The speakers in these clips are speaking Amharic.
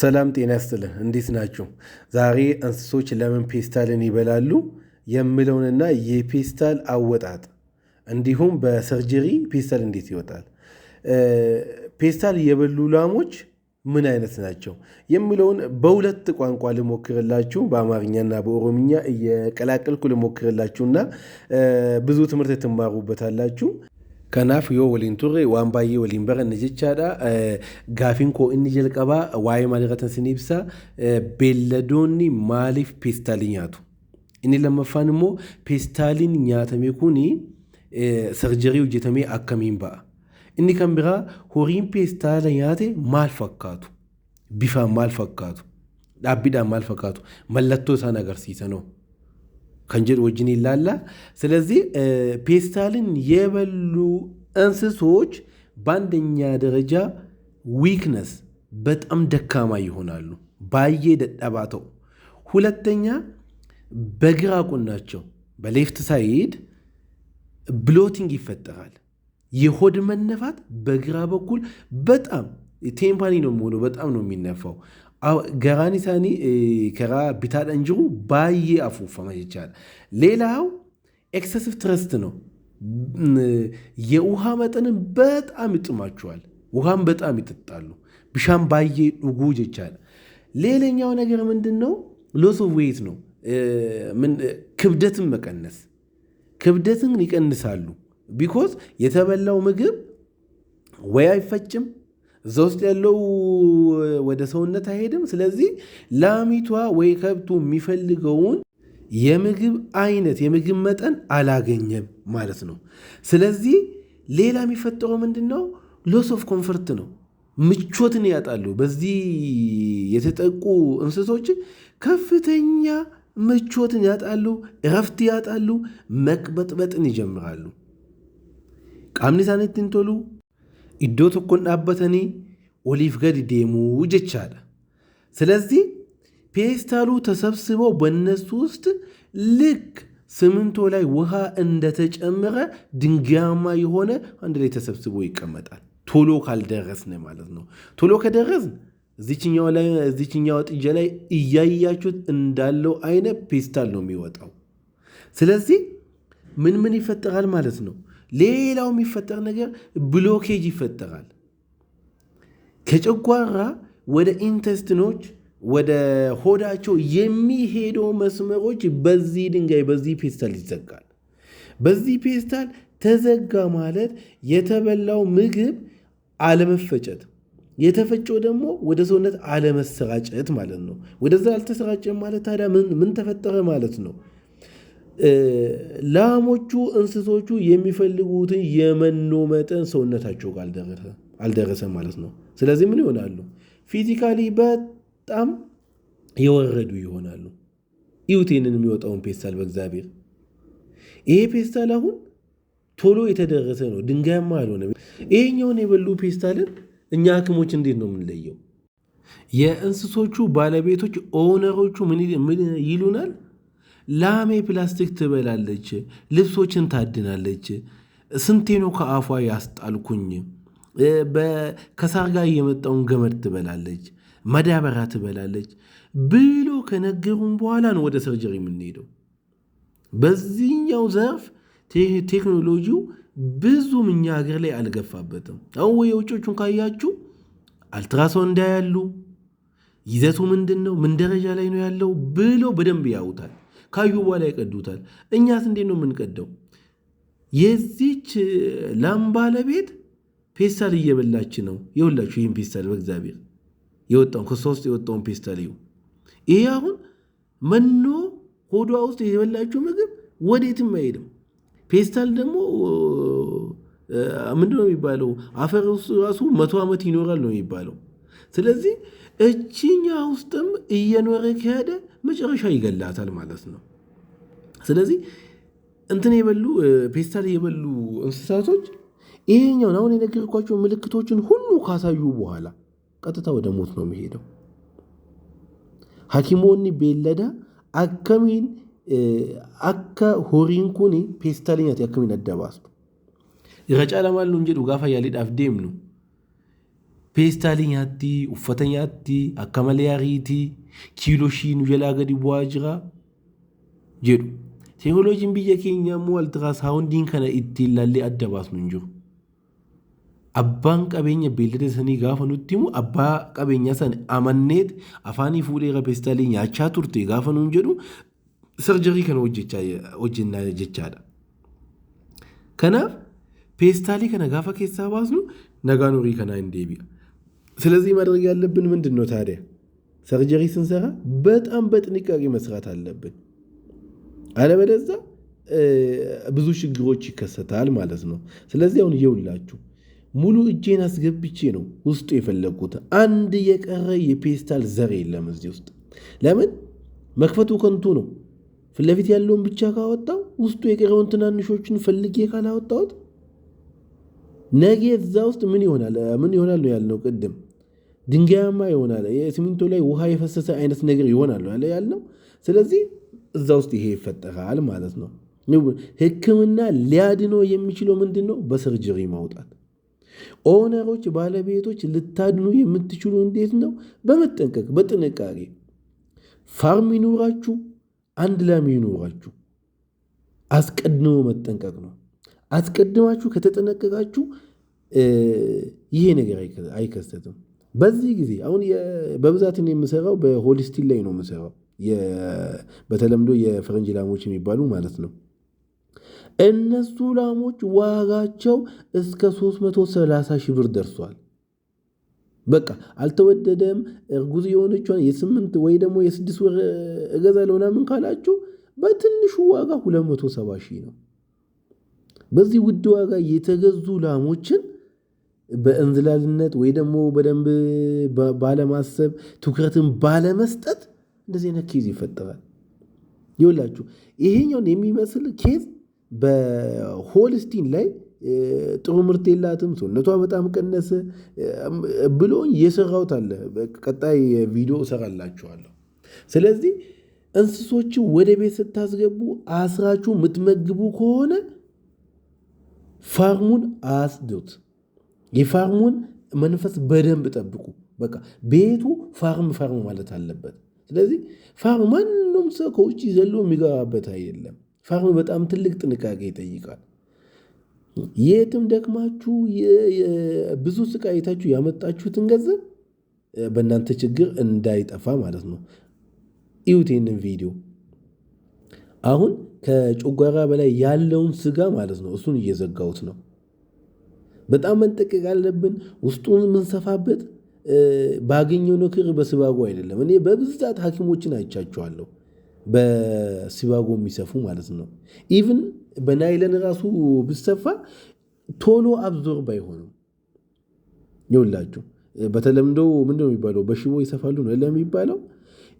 ሰላም ጤና ይስጥልን። እንዴት ናችሁ? ዛሬ እንስሶች ለምን ፔስታልን ይበላሉ የምለውንና የፔስታል አወጣጥ እንዲሁም በሰርጀሪ ፔስታል እንዴት ይወጣል፣ ፔስታል የበሉ ላሞች ምን አይነት ናቸው የሚለውን በሁለት ቋንቋ ልሞክርላችሁ፣ በአማርኛና በኦሮምኛ እየቀላቀልኩ ልሞክርላችሁና ብዙ ትምህርት ትማሩበታላችሁ። Kanaaf yoo waliin turre waan baay'ee waliin baranne jechaadha. Eh, gaafiin koo inni jalqabaa waa'ee maalii irratti ibsa. Eh, beelladoonni maaliif peestaalii nyaatu? Inni lammaffaan immoo peestaaliin nyaatamee kun eh, sarjarii hojjetamee akkamiin ba'a? Inni kan biraa horiin peestaala nyaate maal fakkaatu? Bifaan maal fakkaatu? Dhaabbiidhaan maal fakkaatu? Mallattoo isaan agarsiisanoo? ከን ከንጀድ ወጅን ይላላ። ስለዚህ ፔስታልን የበሉ እንስሶች በአንደኛ ደረጃ ዊክነስ በጣም ደካማ ይሆናሉ። ባየ ደጠባተው። ሁለተኛ በግራ ጎናቸው በሌፍት ሳይድ ብሎቲንግ ይፈጠራል። የሆድ መነፋት በግራ በኩል በጣም ቴምፓኒ ነው የሚሆነው፣ በጣም ነው የሚነፋው። garaan isaanii karaa bitaadhaan jiru baay'ee afuufama jechaadha. ሌላው ኤክሰሲቭ ትረስት ነው። የውሃ መጠንን በጣም ይጥማቸዋል። ውሃን በጣም ይጠጣሉ። ብሻን ባዬ ዱጉ ጀቻለ። ሌላኛው ነገር ምንድን ነው? ሎስ ኦፍ ዌይት ነው። ክብደትን መቀነስ፣ ክብደትን ይቀንሳሉ። ቢኮዝ የተበላው ምግብ ወይ አይፈጭም እዛ ውስጥ ያለው ወደ ሰውነት አይሄድም። ስለዚህ ላሚቷ ወይ ከብቱ የሚፈልገውን የምግብ አይነት የምግብ መጠን አላገኘም ማለት ነው። ስለዚህ ሌላ የሚፈጠረው ምንድን ነው? ሎስ ኦፍ ኮንፈርት ነው። ምቾትን ያጣሉ። በዚህ የተጠቁ እንስሶች ከፍተኛ ምቾትን ያጣሉ፣ እረፍት ያጣሉ፣ መቅበጥበጥን ይጀምራሉ። ቃምኒሳኔትን iddoo tokkoon dhaabbatanii oliif gadi deemuu jechaadha ስለዚህ ፔስታሉ ተሰብስበው በእነሱ ውስጥ ልክ ስምንቶ ላይ ውሃ እንደተጨመረ ድንጋያማ የሆነ አንድ ላይ ተሰብስቦ ይቀመጣል ቶሎ ካልደረስን ማለት ነው ቶሎ ከደረስን እዚችኛዋ ጥጃ ላይ እያያችሁት እንዳለው አይነት ፔስታል ነው የሚወጣው ስለዚህ ምን ምን ይፈጠራል ማለት ነው ሌላው የሚፈጠር ነገር ብሎኬጅ ይፈጠራል። ከጨጓራ ወደ ኢንተስትኖች ወደ ሆዳቸው የሚሄደው መስመሮች በዚህ ድንጋይ በዚህ ፔስታል ይዘጋል። በዚህ ፔስታል ተዘጋ ማለት የተበላው ምግብ አለመፈጨት፣ የተፈጨው ደግሞ ወደ ሰውነት አለመሰራጨት ማለት ነው። ወደዛ አልተሰራጨም ማለት ታዲያ ምን ተፈጠረ ማለት ነው? ላሞቹ እንስሶቹ የሚፈልጉትን የመኖ መጠን ሰውነታቸው ጋር አልደረሰ ማለት ነው። ስለዚህ ምን ይሆናሉ? ፊዚካሊ በጣም የወረዱ ይሆናሉ። ኢዩቴንን የሚወጣውን ፔስታል በእግዚአብሔር ይሄ ፔስታል አሁን ቶሎ የተደረሰ ነው፣ ድንጋያማ አልሆነ። ይሄኛውን የበሉ ፔስታልን እኛ ሐኪሞች እንዴት ነው የምንለየው? የእንስሶቹ ባለቤቶች ኦነሮቹ ምን ይሉናል? ላሜ ፕላስቲክ ትበላለች፣ ልብሶችን ታድናለች። ስንቴ ነው ከአፏ ያስጣልኩኝ? ከሳር ጋር የመጣውን ገመድ ትበላለች፣ መዳበሪያ ትበላለች ብሎ ከነገሩን በኋላ ነው ወደ ሰርጀሪ የምንሄደው። በዚህኛው ዘርፍ ቴክኖሎጂው ብዙም እኛ ሀገር ላይ አልገፋበትም። አሁን ወይ የውጮቹን ካያችሁ አልትራሳውንድ እንዳያሉ ይዘቱ ምንድን ነው፣ ምን ደረጃ ላይ ነው ያለው ብሎ በደንብ ያውታል። ካዩ በኋላ ይቀዱታል። እኛስ እንዴት ነው የምንቀደው? የዚች ላም ባለቤት ፔስታል እየበላች ነው። የሁላችሁ ይህን ፔስታል በእግዚአብሔር የወጣውን ከሷ ውስጥ የወጣውን ፔስታል ይሁ ይሄ አሁን መኖ ሆዷ ውስጥ የበላችው ምግብ ወዴትም አይሄድም። ፔስታል ደግሞ ምንድነው የሚባለው? አፈር ራሱ መቶ ዓመት ይኖራል ነው የሚባለው። ስለዚህ እችኛ ውስጥም እየኖረ ከሄደ መጨረሻ ይገላታል ማለት ነው። ስለዚህ እንትን የበሉ ፔስታል የበሉ እንስሳቶች ይሄኛውን አሁን የነገርኳቸው ምልክቶችን ሁሉ ካሳዩ በኋላ ቀጥታ ወደ ሞት ነው የሚሄደው። ሐኪሞኒ ቤለዳ አከሚን አከ ሆሪንኩኒ ፔስታልኛት ያከሚን አደባስ ረጫ ለማሉ እንጀ ዱጋፋ ያሌ ዳፍ ነው Peestaalii nyaattii, uffata nyaattii, akka malee ariitii, kiiloshii nu jalaa gadi bu'aa jiraa jedhu. Teekinooloojiin biyya keenyaa immoo altiraasawundiin kana ittiin ilaallee adda baasnu hin jiru. Abbaan qabeenya beellada sanii gaafa nutti himu abbaa qabeenyaa sana amannee afaanii fuudheera peestaalii nyaachaa turte gaafa nuun jedhu sarjarii kana hojjennaa jechaadha. Kanaaf peestaalii kana gaafa keessaa baasnu nagaan horii kanaa hin deebi'a. ስለዚህ ማድረግ ያለብን ምንድን ነው ታዲያ? ሰርጀሪ ስንሰራ በጣም በጥንቃቄ መስራት አለብን። አለበለዛ ብዙ ችግሮች ይከሰታል ማለት ነው። ስለዚህ አሁን እየውላችሁ ሙሉ እጄን አስገብቼ ነው ውስጡ የፈለግኩት። አንድ የቀረ የፔስታል ዘር የለም እዚህ ውስጥ። ለምን መክፈቱ ከንቱ ነው። ፊት ለፊት ያለውን ብቻ ካወጣው ውስጡ የቀረውን ትናንሾችን ፈልጌ ካላወጣሁት ነገ እዛ ውስጥ ምን ይሆናል? ምን ይሆናል ነው ያልነው ቅድም ድንጋያማ ይሆናል። ሲሚንቶ ላይ ውሃ የፈሰሰ አይነት ነገር ይሆናል ያለ ያለው። ስለዚህ እዛ ውስጥ ይሄ ይፈጠራል ማለት ነው። ሕክምና ሊያድኖ የሚችለው ምንድን ነው? በሰርጀሪ ማውጣት። ኦነሮች፣ ባለቤቶች ልታድኑ የምትችሉ እንዴት ነው? በመጠንቀቅ በጥንቃቄ ፋርም ይኑራችሁ፣ አንድ ላም ይኑራችሁ፣ አስቀድሞ መጠንቀቅ ነው። አስቀድማችሁ ከተጠነቀቃችሁ ይሄ ነገር አይከሰትም። በዚህ ጊዜ አሁን በብዛት የምሰራው በሆሊስቲን ላይ ነው የምሰራው፣ በተለምዶ የፈረንጅ ላሞች የሚባሉ ማለት ነው። እነሱ ላሞች ዋጋቸው እስከ 330 ሺህ ብር ደርሷል። በቃ አልተወደደም። እርጉዝ የሆነችን የስምንት ወይ ደግሞ የስድስት ወር እገዛለሁ ምናምን ካላችሁ በትንሹ ዋጋ 270 ሺህ ነው። በዚህ ውድ ዋጋ የተገዙ ላሞችን በእንዝላልነት ወይ ደግሞ በደንብ ባለማሰብ ትኩረትን ባለመስጠት እንደዚህ አይነት ኬዝ ይፈጠራል። ይኸውላችሁ ይሄኛውን የሚመስል ኬዝ በሆልስቲን ላይ ጥሩ ምርት የላትም፣ ሰውነቷ በጣም ቀነሰ ብሎኝ የሰራውት አለ። ቀጣይ ቪዲዮ እሰራላችኋለሁ። ስለዚህ እንስሶችን ወደ ቤት ስታስገቡ አስራችሁ የምትመግቡ ከሆነ ፋርሙን አያስዱት። የፋርሙን መንፈስ በደንብ ጠብቁ። በቃ ቤቱ ፋርም ፋርም ማለት አለበት። ስለዚህ ፋርም ማንም ሰው ከውጭ ዘሎ የሚገባበት አይደለም። ፋርም በጣም ትልቅ ጥንቃቄ ይጠይቃል። የትም ደክማችሁ ብዙ ስቃይታችሁ ያመጣችሁትን ገንዘብ በእናንተ ችግር እንዳይጠፋ ማለት ነው። እዩት ይህንን ቪዲዮ አሁን ከጨጓራ በላይ ያለውን ስጋ ማለት ነው እሱን እየዘጋሁት ነው። በጣም መንጠቀቅ አለብን። ውስጡን የምንሰፋበት ባገኘው ነው ክር በሲባጎ አይደለም። እኔ በብዛት ሐኪሞችን አይቻቸዋለሁ በሲባጎ የሚሰፉ ማለት ነው። ኢቭን በናይለን ራሱ ብሰፋ ቶሎ አብዞር ባይሆንም ይውላችሁ በተለምዶ ምንድን ነው የሚባለው? በሽቦ ይሰፋሉ ነው ለሚባለው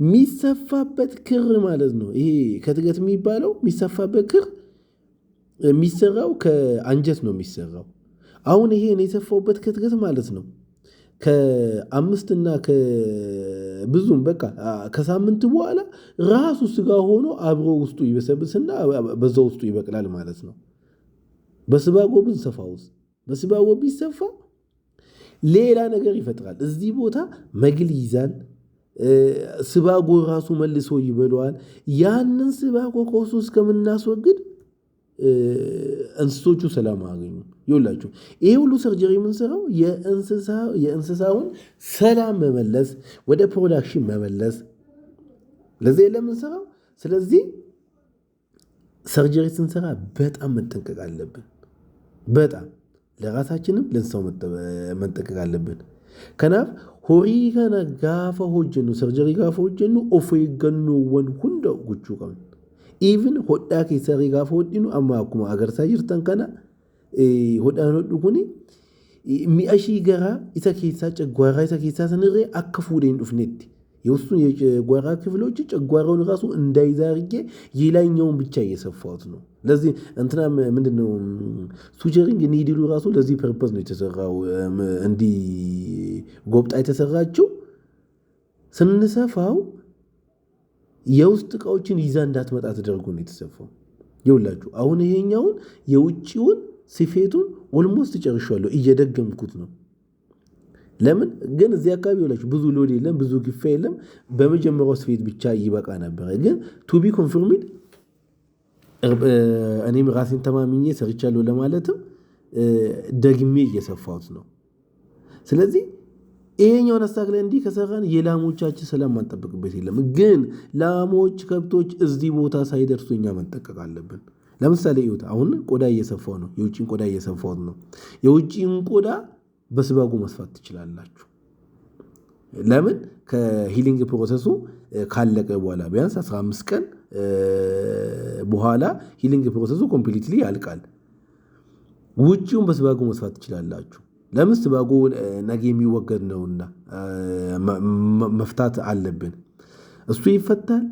የሚሰፋበት ክር ማለት ነው። ይሄ ከትገት የሚባለው የሚሰፋበት ክር የሚሰራው ከአንጀት ነው የሚሰራው አሁን ይሄ የተፋውበት ክትክት ማለት ነው ከአምስትና ብዙም በቃ ከሳምንት በኋላ ራሱ ስጋ ሆኖ አብሮ ውስጡ ይበሰብስና በዛ ውስጡ ይበቅላል ማለት ነው። በስባጎ ሰፋ ውስጥ በስባጎ ቢሰፋ ሌላ ነገር ይፈጥራል። እዚህ ቦታ መግል ይይዛል። ስባጎ ራሱ መልሶ ይበለዋል። ያንን ስባጎ ከውስጡ እስከምናስወግድ እንስሶቹ ሰላም አያገኙ። ይውላችሁ ይሄ ሁሉ ሰርጀሪ የምንሰራው የእንስሳውን ሰላም መመለስ፣ ወደ ፕሮዳክሽን መመለስ ለዚህ ለምንሰራው። ስለዚህ ሰርጀሪ ስንሰራ በጣም መጠንቀቅ አለብን። በጣም ለራሳችንም ለእንስሳው መጠንቀቅ አለብን። ከናፍ ሆሪ ከነ ጋፈ ሆጀኑ ሰርጀሪ ጋፈ ሆጀኑ ኦፎ ይገኑ ወን ሁንደ ጉቹ ቀም even hodhaa keessarree gaafa hodhinu amma akkuma agarsaa jirtan kana hodhaan hodhu kuni mi'a ishii gara isa keessaa caggwaaraa isa keessaa sanirree akka fuudhee hin dhufnetti የውስጡን የጨጓራ ክፍሎች ጨጓራውን ራሱ እንዳይዛ አድርጌ የላይኛውን ብቻ እየሰፋሁት ነው። ለዚህ እንትና ምንድን ነው ሱጀሪንግ ኒድሉ ራሱ ለዚህ ፐርፐዝ ነው የተሰራው። እንዲህ ጎብጣ sanni ስንሰፋው የውስጥ እቃዎችን ይዛ እንዳትመጣ ተደርጎ ነው የተሰፋው። ይውላችሁ አሁን ይሄኛውን የውጭውን ስፌቱን ኦልሞስት ጨርሻለሁ፣ እየደገምኩት ነው። ለምን ግን እዚህ አካባቢ ይውላችሁ ብዙ ሎድ የለም፣ ብዙ ግፋ የለም። በመጀመሪያው ስፌት ብቻ ይበቃ ነበረ። ግን ቱቢ ኮንፍርሚድ እኔም ራሴን ተማምኜ ሰርቻለሁ ለማለትም ደግሜ እየሰፋሁት ነው። ስለዚህ ይሄኛውን አስተካክለ እንዲህ ከሰራን የላሞቻችን ሰላም ማንጠብቅበት የለም። ግን ላሞች፣ ከብቶች እዚህ ቦታ ሳይደርሱ እኛ መንጠቀቅ አለብን። ለምሳሌ ይሁት አሁን ቆዳ እየሰፋው ነው። የውጭን ቆዳ እየሰፋው ነው። የውጭን ቆዳ በስባጉ መስፋት ትችላላችሁ። ለምን ከሂሊንግ ፕሮሰሱ ካለቀ በኋላ ቢያንስ 15 ቀን በኋላ ሂሊንግ ፕሮሰሱ ኮምፕሊትሊ ያልቃል። ውጭውን በስባጉ መስፋት ትችላላችሁ። ለምስ በጉ ነገ የሚወገድ ነውና መፍታት አለብን። እሱ ይፈታል።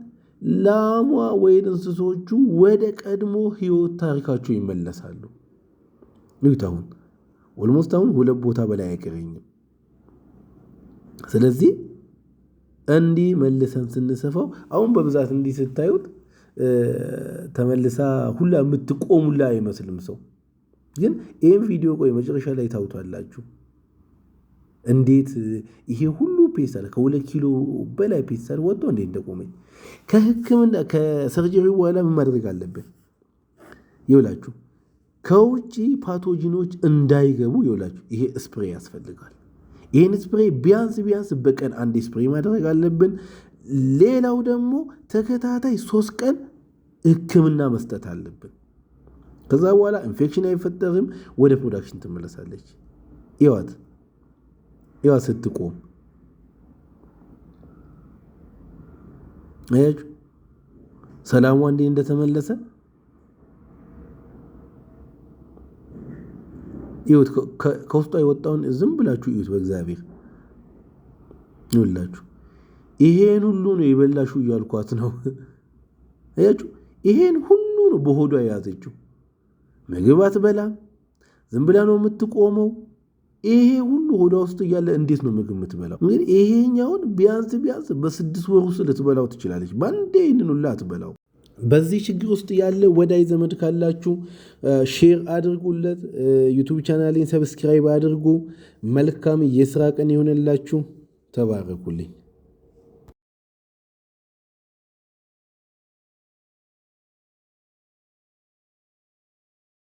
ላሟ ወይን እንስሶቹ ወደ ቀድሞ ህይወት ታሪካቸው ይመለሳሉ። ንግት አሁን ኦልሞስት አሁን ሁለት ቦታ በላይ አይቀረኝም። ስለዚህ እንዲህ መልሰን ስንሰፋው አሁን በብዛት እንዲህ ስታዩት ተመልሳ ሁላ የምትቆሙላ አይመስልም ሰው ግን ይህም ቪዲዮ ቆይ መጨረሻ ላይ ታውቷላችሁ። እንዴት ይሄ ሁሉ ፔስታል ከሁለት ኪሎ በላይ ፔስታል ወጥቶ እንዴት እንደቆመኝ ከህክምና ከሰርጀሪ በኋላ ምን ማድረግ አለብን? ይውላችሁ ከውጭ ፓቶጂኖች እንዳይገቡ ይውላችሁ ይሄ ስፕሬ ያስፈልጋል። ይህን ስፕሬ ቢያንስ ቢያንስ በቀን አንድ ስፕሬ ማድረግ አለብን። ሌላው ደግሞ ተከታታይ ሶስት ቀን ህክምና መስጠት አለብን። ከዛ በኋላ ኢንፌክሽን አይፈጠርም፣ ወደ ፕሮዳክሽን ትመለሳለች። ይዋት ይዋት ስትቆም አያችሁ ሰላሟ እንዴ እንደተመለሰ ይሁት ከውስጧ የወጣውን ዝም ብላችሁ ይሁት። በእግዚአብሔር ይውላችሁ ይሄን ሁሉ ነው የበላሹ እያልኳት ነው። አያችሁ ይሄን ሁሉ ነው በሆዷ የያዘችው። ምግብ አትበላም፣ ዝም ብላ ነው የምትቆመው። ይሄ ሁሉ ሆዳ ውስጥ እያለ እንዴት ነው ምግብ የምትበላው? እንግዲህ ይሄኛውን ቢያንስ ቢያንስ በስድስት ወር ውስጥ ልትበላው ትችላለች። በአንዴ ይህንን ሁላ አትበላው። በዚህ ችግር ውስጥ ያለ ወዳጅ ዘመድ ካላችሁ ሼር አድርጉለት። ዩቱብ ቻናሌን ሰብስክራይብ አድርጉ። መልካም የስራ ቀን ይሆንላችሁ። ተባረኩልኝ።